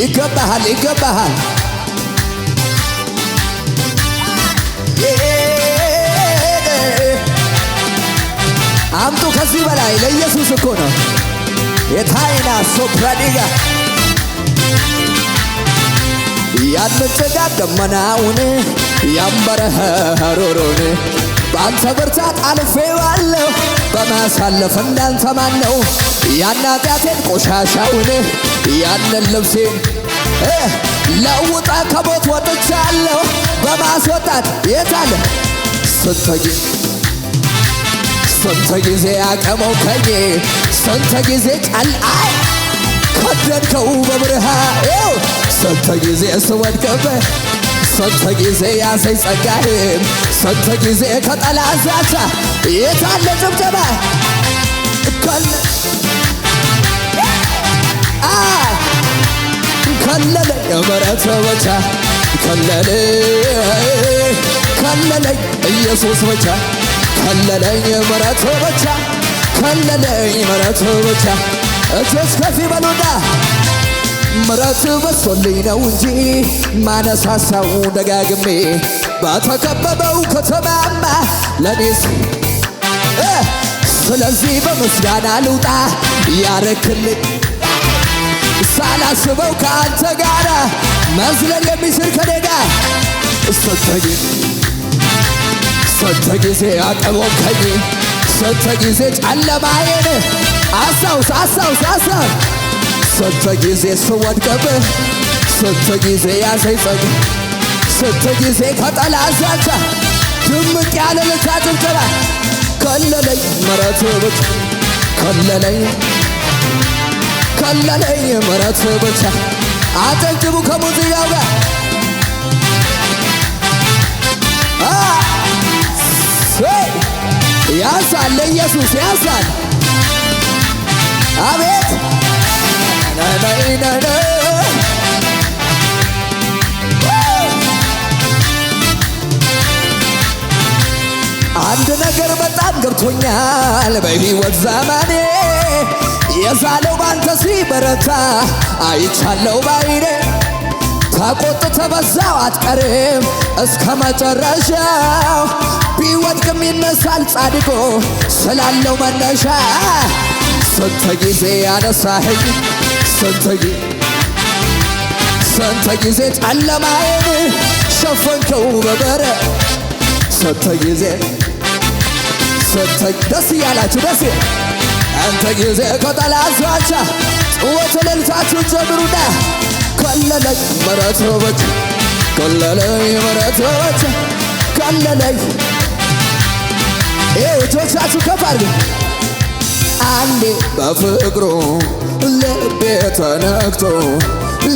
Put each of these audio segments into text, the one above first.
ይገባሃል ይገባሃል አምጡ ከዚህ በላይ ለኢየሱስ እኮ ነው የታይና ሶፕራዲጋ ያንን ጭጋግ ደመናውን ያንበረኸ ሮሮን በአንተ ብርታት አልፌዋለሁ በማሳለፍ እንዳንተ ማን ያን ኃጢአቴን ቆሻሻውን ያለን ልብሴን ለውጣ ከቦት ወጥቻለሁ በማስወጣት የታለ ስንት ጊዜ ስንት ጊዜ አቀመው ከኝ ስንት ጊዜ ጨልአይ ከደንከው በብርሃ ስንት ጊዜ ስወድቅብህ ስንት ጊዜ ያዘኝ ጸጋህም ስንት ጊዜ ከጠላ ዛቻ የታለ ጭብጨባ ከለለ የምሕረት ብቻ ከለለ ከለለ ኢየሱስ ብቻ ከለለ የምሕረት ብቻ ከለለ የምሕረት ብቻ እጆች ከፍ በሉና ምሕረት በዝቶልኝ ነው እንጂ ማነሳሳው ደጋግሜ በተከበበው ከተማማ ለኔስ ስለዚህ በምስጋና ልውጣ ያረክልኝ ሳላስበው ከአንተ ጋራ መዝለል የሚችል ከኔ ጋር ስንት ጊዜ ስንት ጊዜ አቀቦከኝ ስንት ጊዜ ጨለማዬን አሳውስ አሳውስ አሳው ስንት ጊዜ ስወድቅብህ ስንት ጊዜ ያዘኝ ጸግ ስንት ጊዜ ከጠላት ዛቻ ድምቅ ያለ ልልታ ጭብጨባ ከለለኝ ምሕረትህ ብቻ ከለለኝ ከለለኝ ምረት ብቻ አጨብጭቡ ከሙዚያው ጋር ያንሳል ለኢየሱስ ያንሳል አቤት አንድ ነገር በጣም ገብቶኛል በህይወት ዘመኔ የዛለው ባንተ ሲበረታ አይቻለው ባይኔ ተቆጥ በዛው አትቀርም እስከ መጨረሻው ቢወድቅም ይነሳል ጻድቆ ስላለው መነሻ ስንት ጊዜ ያነሳኸኝ ስንት ጊዜ ጨለማዬን ሸፈንከው በበረድ ስንት ጊዜ ስንት ደስ እያላችሁ ደስ አንተ ጊዜ ቆጠላ አዟቻ ጽወት ለልታችሁ ጀምሩና ከለለኝ መረት ወበች ከለለኝ መረት ወበች እጆቻችሁ ከፍ አንዴ በፍቅሩ ልቤ ተነክቶ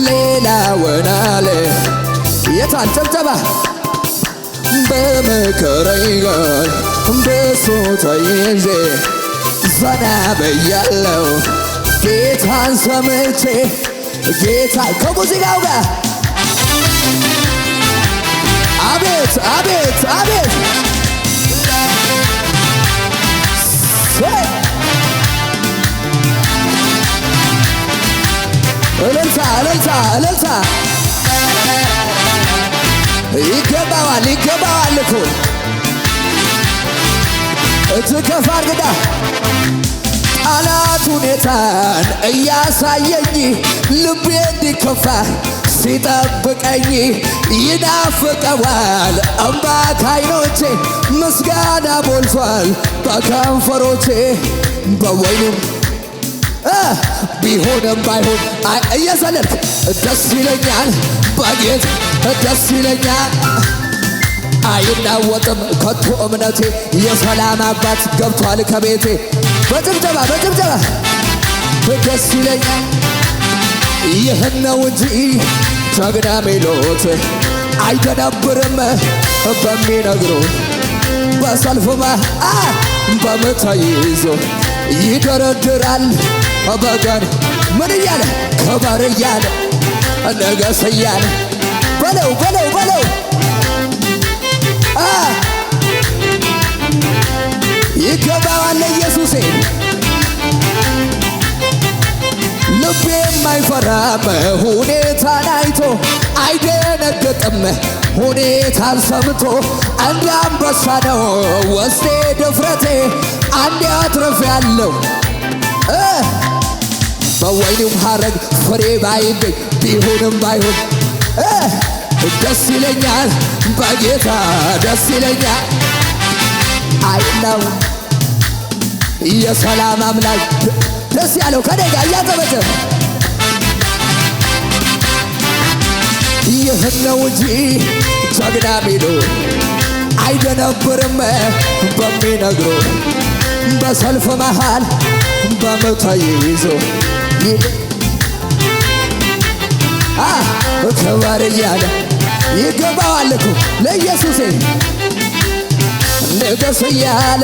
ሌላ ወናለ የታል ጨብጨባ በመከረኝ ጋር በሱ ተይዤ ዘና ብያለው ጌታን ሰምቼ ጌታ ከሙዚቃው ጋር አቤት አቤት አቤት እልልታ እልልታ እልልታ ይገባዋል ይገባዋል እኮ እጅግ ከፍ አድርግና ጠላት ሁኔታን እያሳየኝ ልቤ እንዲከፋ ሲጠብቀኝ ይናፍቀዋል እምባ ካይኖቼ ምስጋና ሞልቷል በከንፈሮቼ በወይንም ቢሆንም ባይሆን እየዘለልክ ደስ ይለኛል በጌት ደስ ይለኛል አይናወጥም ከቶ እምነቴ የሰላም አባት ገብቷል ከቤቴ። በጭብጨባ በጭብጨባ ደስ ይለኛል። ይህን ነው እንጂ ጀግና ሜሎት አይደናብርም በሚነግሩ በሰልፍማ በምተይዞ ይደረድራል በገን ምን እያለ ክበር እያለ ነገስ እያለ በለው በለው በለው እጅ ወዳዋለ ኢየሱሴ ልቤ የማይፈራ ሁኔታን አይቶ አይደነገጥም ሁኔታን ሰምቶ እንደ አንበሳ ነው ወስዴ ድፍረቴ አንድ አትረፍ ያለው በወይኑም ሀረግ ፍሬ ባይገኝ ቢሆንም ባይሆን ደስ ይለኛል በጌታ ደስ ይለኛል አይናው የሰላም አምላክ ደስ ያለው ከኔ ጋር እያዘበተ ይህን ነው እንጂ ጀግና ሚሉ አይደነብርም በሚነግሩ በሰልፍ መሃል በመታ ይዞ ክበር እያለ ይገባዋል እኮ ለኢየሱሴ ንገስ እያለ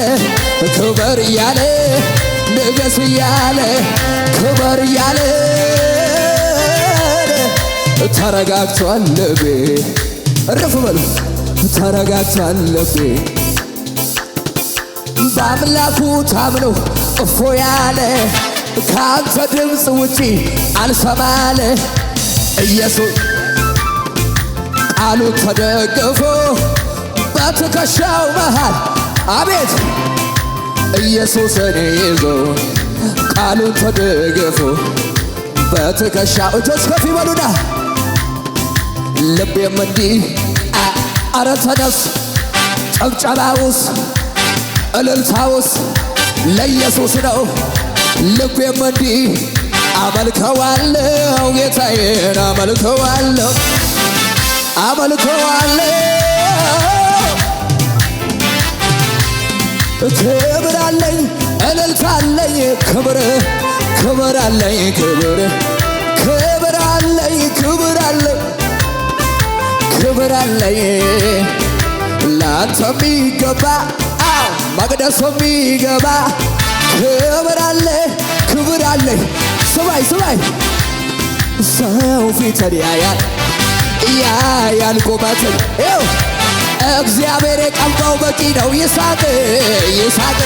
ክበር እያለ ንገስ እያለ ክበር እያለ ተረጋግቷል ልቤ እረፍ በሉ ተረጋግቷል ልቤ በአምላኩ ታምኖ እፎ ያለ ከአንተ ድምፅ ውጪ አልሰማለ ኢየሱስ ቃሉ ተደግፎ በትከሻው መሃል አቤት ኢየሱስን ይዞ ቃሉን ተደግፎ በትከሻው እጆች ከፍ ይበሉና ልቤም እንዲህ አረ ተነስ ጨብጨባውስ እልልታውስ ለኢየሱስ ነው። ልቤም እንዲህ አመልከዋለው ጌታዬን አመልከዋለው አመልከዋለው ክብር አለኝ እልልታ አለኝ ክብር ክብር አለኝ ክብር ክብር አለኝ ክብር አለኝ ክብር አለኝ ላንተ የሚገባ መቅደስ የሚገባ ክብር አለ ክብር አለኝ ስማይ ስማይ ሰው ፊትን ያያል ያያል ቁመትን ው እግዚአብሔር የቀባው በቂ ነው። ይሳቅ ይሳቅ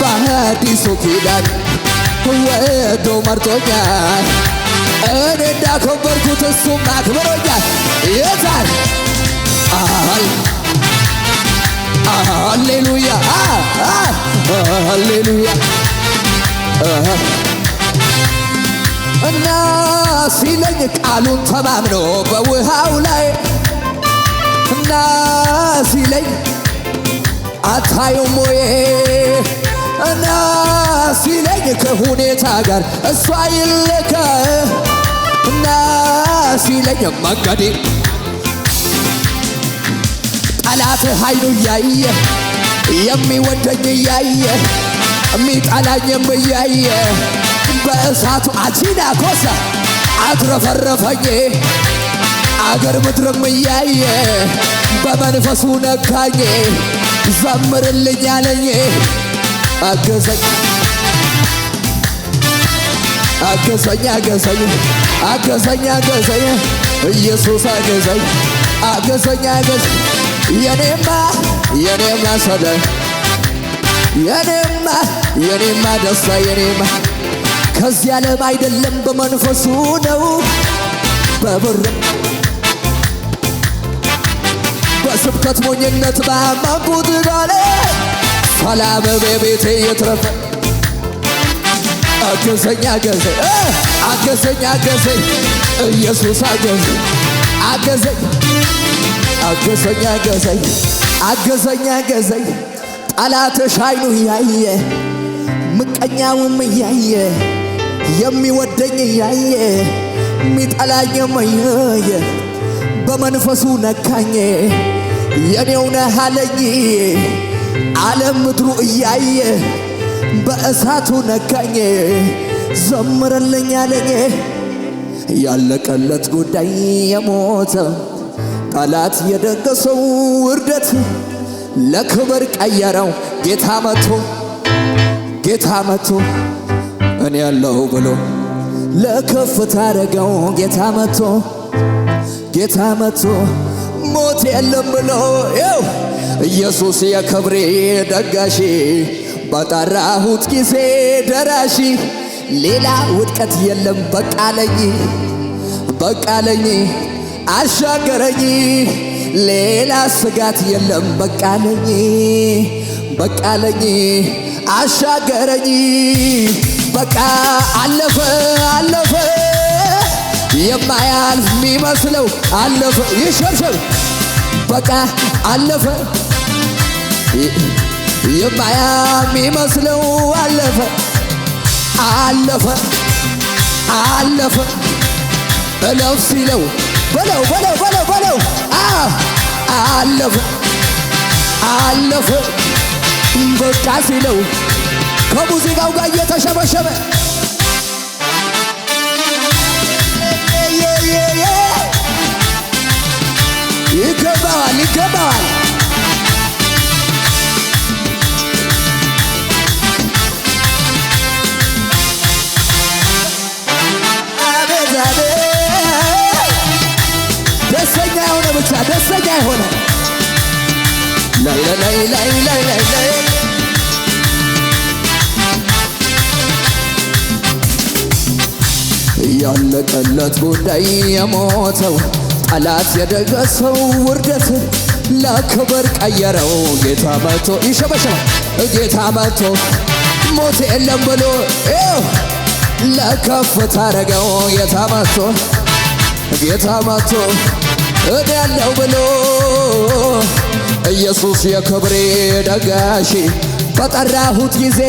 በአዲሱ ኪዳን ወዶ መርጦኛል። እኔ እንዳከበርኩት እሱም አክብሮኛል። የታል አሌሉያ አሌሉያ እና ሲለኝ ቃሉን ተማምኖ በውሃው ላይ እናሲለኝ አታዩም ወይ እናሲለኝ ከሁኔታ ጋር እሷ ይለከ እናሲለኝ መንገዴ ጠላት ኃይሉ እያየ የሚወደኝ እያየ የሚጠላኝም እያየ በእሳቱ አቺና ኮሳ አትረፈረፈኝ አገር ምድርም እያየ በመንፈሱ ነካኝ፣ ዘምርልኝ አለኝ። አገዘኝ አገዘኝ አገዘኝ አገዘኝ አገዘኝ ኢየሱስ አገዘኝ አገዘኝ አገዘኝ የኔማ የኔማ ሰደ የኔማ የኔማ ደስታ የኔማ ከዚህ ዓለም አይደለም በመንፈሱ ነው በብርም በስብከት ሞኝነት በአማንኩት ዳለ ሰላም በቤቴ የትረፈ አገዘኝ አገዘኝ አገዘኝ አገዘኝ ኢየሱስ አገዘኝ አገዘኝ አገዘኝ አገዘኝ አገዘኝ አገዘኝ ጠላትሽ አይኑ እያየ ምቀኛውም እያየ የሚወደኝ እያየ የሚጠላኝም እያየ በመንፈሱ ነካኜ የኔው ነህ አለኝ ዓለም ምድሩ እያየ በእሳቱ ነካኝ ዘምረለኝ አለኝ ያለቀለት ጉዳይ የሞተ ጠላት የደገሰው ውርደት ለክብር ቀየረው ጌታ መቶ ጌታ መቶ እኔ ያለው ብሎ ለከፍታ አረገው ጌታ መቶ ጌታ መቶ ሞት የለም ብሎ ኢየሱስ የክብሬ ደጋሺ በጠራሁት ጊዜ ደራሺ ሌላ ውድቀት የለም በቃለኝ በቃለኝ አሻገረኝ ሌላ ስጋት የለም በቃለኝ በቃለኝ አሻገረኝ በቃ አለፈ አለፈ የማያልፍ የሚመስለው አለፈ። ይሸርሸር በቃ አለፈ። የማያልፍ የሚመስለው አለፈ አለፈ አለፈ እለፍ ሲለው በለው በለው በለው በለው አለፈ አለፈ በቃ ሲለው ከሙዚቃው ጋር እየተሸበሸበ ይገባል ይገባል አቤት ደስተኛ የሆነ ብቻ ደስተኛ የሆነ ላይ ላይ ላይ ላይ ላይ ያለቀለት ጉዳይ የሞተው ጠላት የደገሰው ውርደት ለክብር ቀየረው ጌታ መቶ ይሸበሸባል! ጌታ መቶ ሞት የለም ብሎ ለከፍታ አረገው ጌታ መቶ ጌታ መቶ ያለው ብሎ ኢየሱስ የክብሬ ደጋሺ በጠራሁት ጊዜ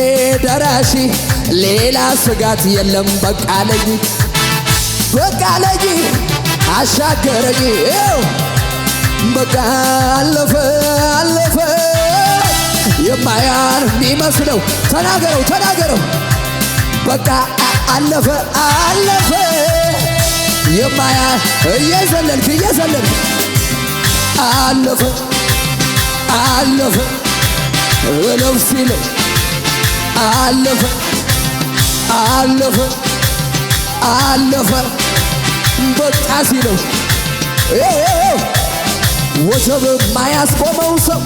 ደራሺ ሌላ ስጋት የለም በቃለኝ በቃ ለጂ አሻገረኝ በቃ አለፈ አለፈ የማያልፍ የሚመስለው ተናገረው ተናገረው በቃ አለፈ አለፈ የማያልፍ እየዘለልክ እየዘለልክ አለፈ አለፈ አለፈ አለፈ አለፈ በቃ ሲለው ወሰብ ማያስቆመው ሰው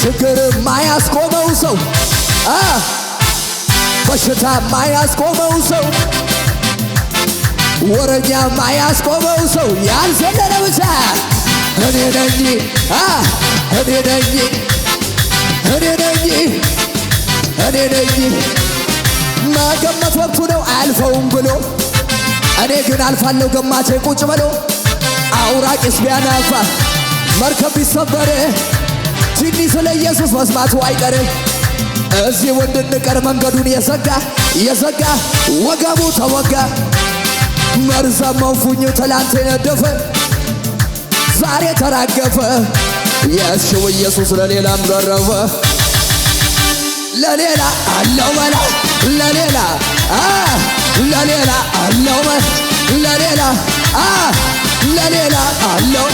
ችግር ማያስቆመው ሰው በሽታ ማያስቆመው ሰው ወረኛ ማያስቆመው ሰው ያልዘለለ ብቻ እኔ ነኝ እኔ ነኝ እኔ ነኝ እኔ ነኝ መገመት ወቅቱ ነው አያልፈውም ብሎ እኔ ግን አልፋለሁ ገማቼ ቁጭ በሎ አውራቂስ ቢያናፋ መርከብ ቢሰበር ትንሽ ስለ ኢየሱስ መስማቱ አይቀር እዚህ እንድንቀር መንገዱን የዘጋ የዘጋ ወገቡ ተወጋ መርዛማው ፉኝ ትላንት የነደፈ ዛሬ ተራገፈ የእሽው ኢየሱስ ለሌላም ዘረፈ ለሌላ አለው በላ ለሌላ ለሌላ አለው ለሌላ ለሌላ አለው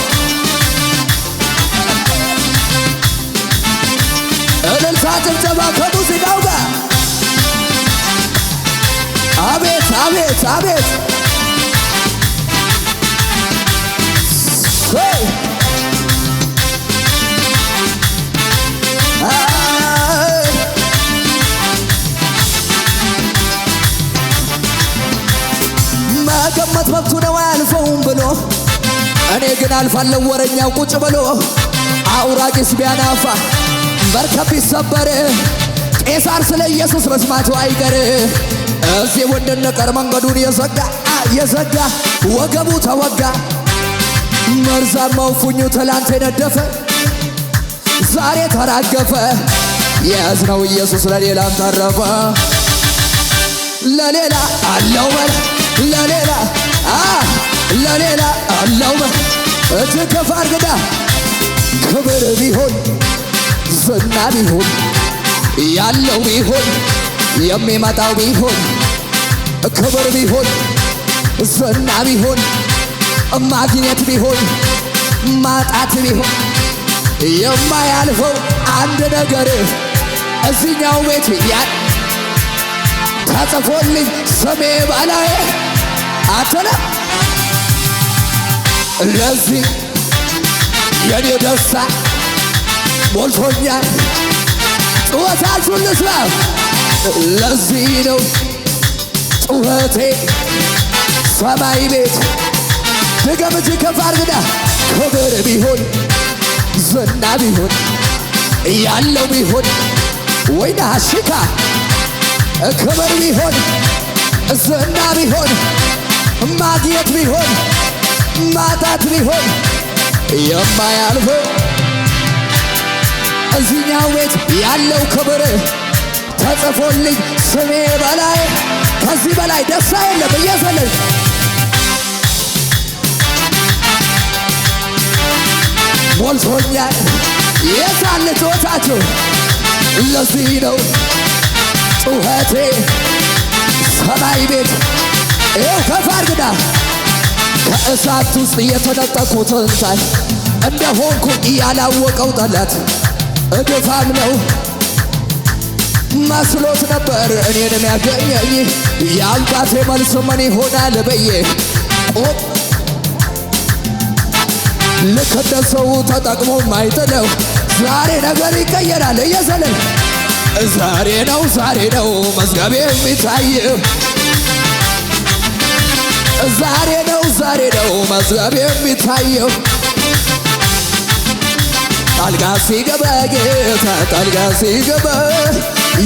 እልልታ ጭብጨባ ከሙዚቃው ጋር አቤት አቤት አቤት ሞት መብቱ ነው አያልፈውም ብሎ እኔ ግን አልፋለሁ ወረኛው ቁጭ ብሎ አውራቂስ ቢያናፋ መርከብ ቢሰበር ቄሳር ስለ ኢየሱስ መስማቱ አይቀር። እዚህ ወንድንቀር መንገዱን የዘጋ የዘጋ ወገቡ ተወጋ መርዛማው ፉኙ ትላንት የነደፈ ዛሬ ተራገፈ። የያዝነው ኢየሱስ ለሌላም ተረፈ ለሌላ አለው በል ለሌላ ለሌላ አላውመ እትከፍ አርግዳ ክብር ቢሆን ዝና ቢሆን ያለው ቢሆን የሚመጣው ቢሆን ክብር ቢሆን ዝና ቢሆን ማግኘት ቢሆን ማጣት ቢሆን የማያልፈው አንድ ነገር እዚህኛው ቤት ያ ተጽፎልኝ ስሜ በላይ አተነ ለዚህ የኔ ደስታ ሞልቶኛል። ጩኸታችሁን ልስማ። ለዚህ ነው ጩኸቴ ሰማይ ቤት ድገምጅ ከፍ አርግዳ ክብር ቢሆን ዝና ቢሆን ያለው ቢሆን ወይና ሽካ ክብር ቢሆን ዝና ቢሆን ማግኘት ቢሆን ማጣት ቢሆን የማያልፈው እዚህኛው ቤት ያለው ክብር ተጽፎልኝ ስሜ በላይ ከዚህ በላይ ደስታ የለም እየሰለኝ ሞልቶኛል የሳለ ጩኸታችሁ ለዚህ ነው ጩኸቴ ሰማይ ቤት ከፋርግዳ ከእሳት ውስጥ የተነጠቁት ትንሳኤ እንደሆንኩ ያላወቀው ጠላት እድፋም ነው መስሎት ነበር እኔንም ያገኘኝ የአባቴ መልስ ምን ይሆናል ብዬ ልክ እንደ ሰው ተጠቅሞ ማይጥለው ዛሬ ነገር ይቀየራል እየዘለል ዛሬ ነው ዛሬ ነው መዝገቤ የሚታይም ዛሬ ነው ዛሬ ነው መዝገብ የሚታየው ጣልቃ ሲገባ ጌታ ጣልቃ ሲገባ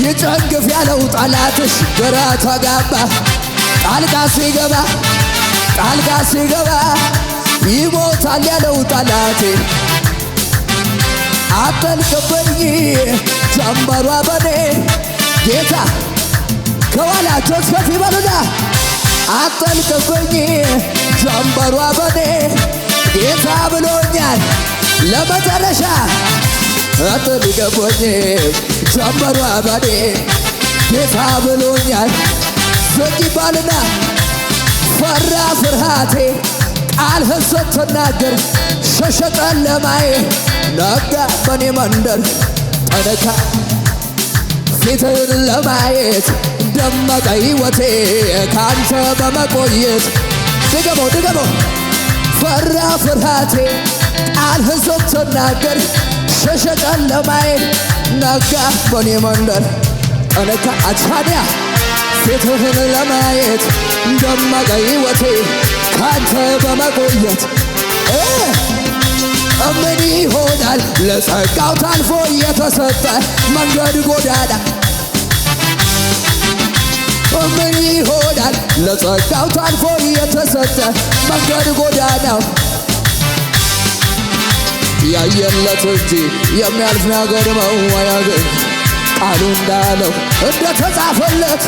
ይጨንግፍ ያለው ጠላትሽ ግራ ተጋባ ጣልቃ ሲገባ ጣልቃ ሲገባ ይሞታል ያለው ጠላቴ አጠልቅብኝ ጀንበሯ በኔ ጌታ ከኋላ ተስፈፊ በሉና አጠልቅቆኝ ጀምበሯ በኔ ጌታ ብሎኛል ለመጨረሻ አጠልቅቆኝ ጀምበሯ በኔ ጌታ ብሎኛል ዘቅ ባልና ፈራ ፍርሃቴ ቃልህን ስትናገር ሸሸ ጨለማዬ ነጋ በኔ መንደር ጠነካ ፊትህን ለማየት ደመቀ ሕይወቴ ካንተ በመቆየት ድገሞ ድገሞ ፈራ ፍርሃቴ ቃል ህዞብ ተናገር ሸሸ ጨለማዬ ነጋ በኔ መንደር እነካ አቻንያ ፊትህን ለማየት ደመቀ ሕይወቴ ካንተ በመቆየት እምን ይሆናል ለጸጋው ታልፎ የተሰጠ መንገድ ጎዳና ምን ይሆናል ለጸጋው ታልፎ የተሰጠ መንገድ ጎዳናው ያየለት እንጂ የሚያልፍ ነገር መዋያገኝ ቃሉ እንዳለው እንደተጻፈለት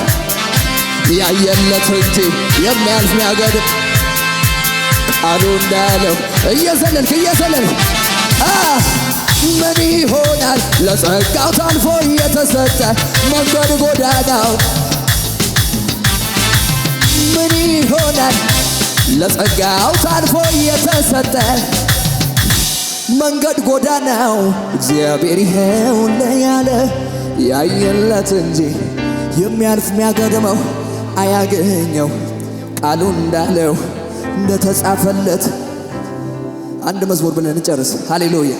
ያየለት እንጂ የሚያልፍ ነገር ቃሉ እንዳለው እየዘለልክ እየዘለልክ ምን ይሆናል ለጸጋው ታልፎ የተሰጠ መንገድ ጎዳናው ምን ይሆናል ለጸጋው ታልፎ የተሰጠ መንገድ ጎዳናው እግዚአብሔር ይሄውን ያለ ያየለት እንጂ የሚያልፍ የሚያገድመው አያገኘው ቃሉ እንዳለው እንደተጻፈለት አንድ መዝሙር ብለን እንጨርስ። ሃሌሉያ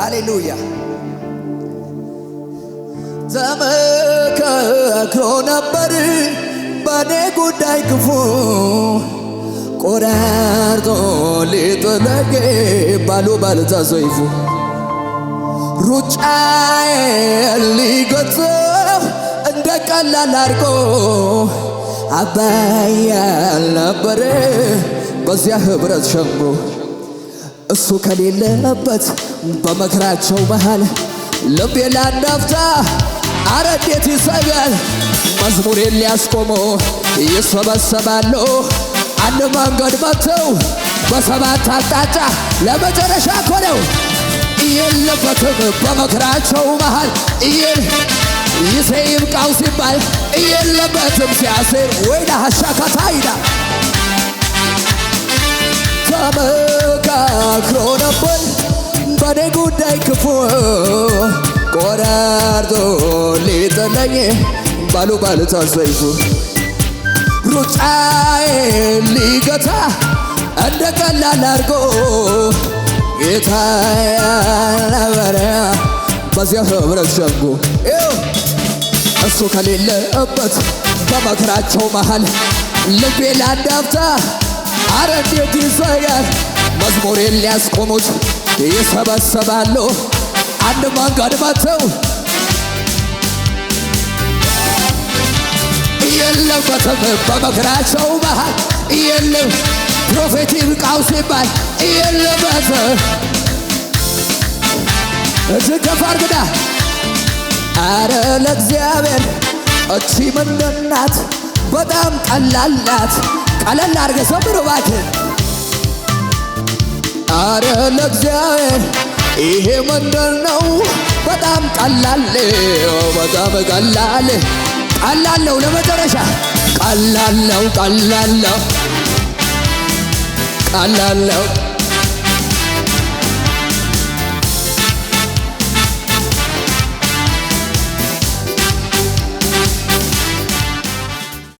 ሃሌሉያ ዘመን መክሮ ነበር በኔ ጉዳይ ክፉ ቆራርጦ ሊጥለኝ ባልታ ሰይፉ ሩጫዬ ሊገጸው እንደ ቀላል አድርጎ አባይ ያልነበረ በዚያ ህብረት ሸንጎ እሱ ከሌለበት በመከራቸው መሃል ልቤ ላናፍታ አረ እንዴት ይሰጋል መዝሙሬን ሊያስቆሙ ይሰበሰባሉ። አንድ መንገድ መጥተው በሰባት አቅጣጫ ለመጨረሻ ኮነው ነው። በመክራቸው በመከራቸው መሃል እየል ይሴ ይብቃው ሲባል እየለበትም ሲያሴር ወይ ይዳ ተመካክሮ ነበር በኔ ጉዳይ ክፉ ቆራርጦ ሊጥለኝ ባሉባልታ ሰይፉ ሩጫዬን ሊገታ እንደ ቀላል አድርጎ ጌታ ያበሪያ በዚያ ህብረት ሸንጎ እሱ ከሌለበት በመከራቸው መሃል ልቤ ላዳፍታ አረ እንዴት ይዘጋል መዝሙሬን ሊያስቆሙት ይሰበሰባሉ አንድ ማንጋ አድማተው የለበትም በመከራቸው መሃል የለም ፕሮፌት ይብቃው ሲባል የለበት እጅግ ከፍ አድርግና አረ ለእግዚአብሔር እቺ ምንናት በጣም ቀላላት ቀለል አርገ ሰምር እባክህ አረ ለእግዚአብሔር ይሄ መንደር ነው በጣም ቀላል፣ በጣም ቀላል ቀላል ነው ለመጨረሻ ቀላል ነው ቀላል ነው ቀላል ነው